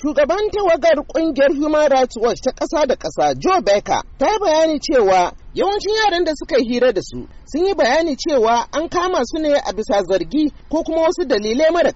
Shugaban tawagar kungiyar Human Rights Watch ta da Joe Becker ta yi bayani cewa yawancin yaran da suka hira da su sun yi bayani cewa an kama su ne a bisa zargi ko kuma wasu dalilai mara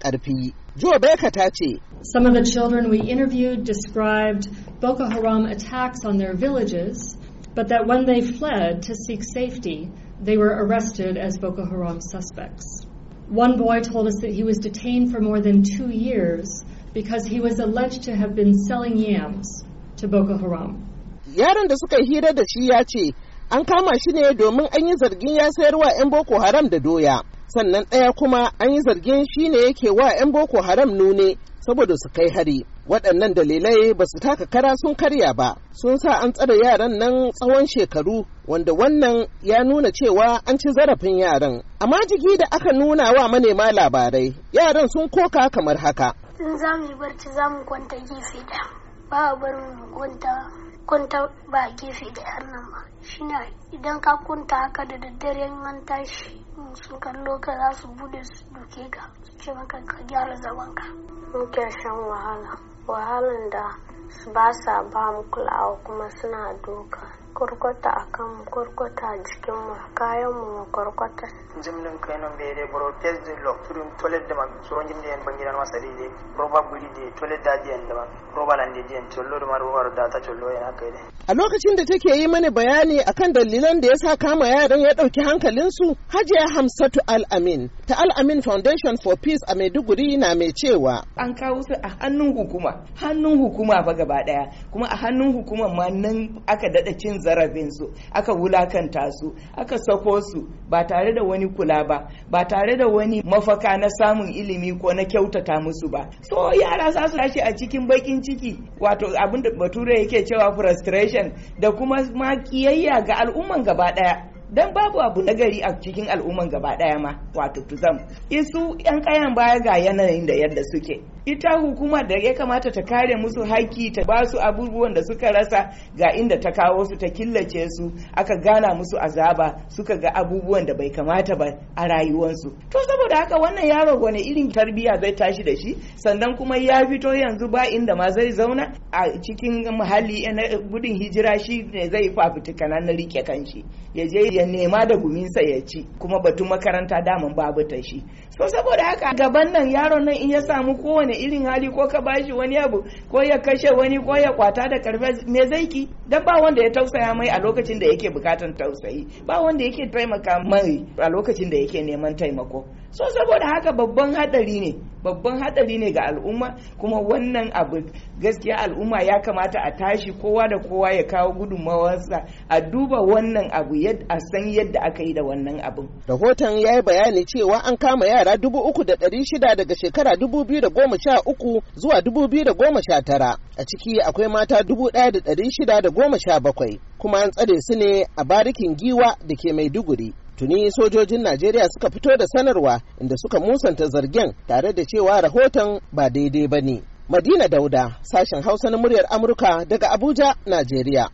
Joe Becker ta ce, Some of the children we interviewed described Boko Haram attacks on their villages, but that when they fled to seek safety, they were arrested as Boko Haram suspects. One boy told us that he was detained for more than two years because he was alleged to have been selling yams to Boko Haram. Yaron da suka yi hira da shi ya ce an kama shi ne domin an yi zargin ya sayarwa 'yan Boko Haram da doya. Sannan ɗaya kuma an yi zargin shi ne yake wa 'yan Boko Haram nune saboda su kai hari. Waɗannan dalilai ba su taka kara sun karya ba, sun sa an tsare yaran nan tsawon shekaru wanda wannan ya nuna cewa an ci zarafin yaran. Amma jigi da aka nuna wa manema labarai, yaran sun koka kamar haka. in za mu yi barci za mu kwanta gefe da ba a bar mu kwanta kwanta ba gefe da yar nan ba shi shine idan ka kwanta haka da daddare an tashi sun kallo ka za su bude su duke ka su ce maka ka gyara zaman ka muke shan wahala wahalan da ba sa ba mu kulawa kuma suna doka kurkwata a kan kurkwata a jikinmu kayanmu kurkwata jimlin kai kainon bai dai boro pièce de l'eau turin toilet de ma soron jimde yan bangira ma sari dai roba guri dai toilet da di yan da ma roba lan de di tollo da ma roba da ta tollo yana kai dai a lokacin da take yi mana bayani akan dalilan da yasa kama yaran ya dauki hankalinsu Hajiya Hamsatu Al-Amin ta Al-Amin Foundation for Peace a Maiduguri na mai cewa an kawo su a hannun hukuma hannun hukuma ba gaba daya kuma a hannun hukuman ma nan aka dada cin zarafin su aka wulakanta su aka sako su ba tare da wani kula ba ba tare da wani mafaka na samun ilimi ko na kyautata musu ba so yara za su tashi a cikin bakin ciki wato abin da bature yake cewa frustration da kuma makiyayya ga al'umman gaba daya dan babu abu na gari a cikin al'umman gaba daya ma wato tuzam isu yan kayan baya ga yanayin da yadda suke ita hukumar da ya kamata ta kare musu haƙƙi ta ba su abubuwan da suka rasa ga inda ta kawo su ta killace su aka gana musu azaba suka ga abubuwan da bai kamata ba a rayuwarsu. to saboda haka wannan yaro wane irin tarbiya zai tashi da shi sannan kuma ya fito yanzu ba inda ma zai zauna a cikin muhalli eh, na gudun hijira shi ne zai fafutuka na rike kanshi ya je ya nema da guminsa ya ci kuma batun makaranta daman babu ta shi to saboda haka gaban nan yaron nan in ya samu kowane wani irin hali ko ka bashi wani abu ko ya kashe wani ko ya kwata da karfe me zai ki dan ba wanda ya tausaya mai a lokacin da yake bukatan tausayi ba wanda yake taimaka mai a lokacin da yake neman taimako so saboda haka babban hadari ne babban hadari ne ga al'umma kuma wannan abu gaskiya al'umma ya kamata a tashi kowa da kowa ya kawo gudunmawarsa a duba wannan abu a san yadda aka yi da wannan abin rahoton ya yi bayani cewa an kama yara dubu uku da ɗari shida daga shekara dubu biyu da goma sha uku zuwa dubu biyu da goma sha tara a ciki akwai mata dubu ɗaya da ɗari shida da goma sha bakwai kuma an tsare su ne a barikin giwa da ke maiduguri tuni sojojin najeriya suka fito da sanarwa inda suka musanta zargen tare da cewa rahoton ba daidai ba ne madina dauda sashen hausa na muryar amurka daga abuja najeriya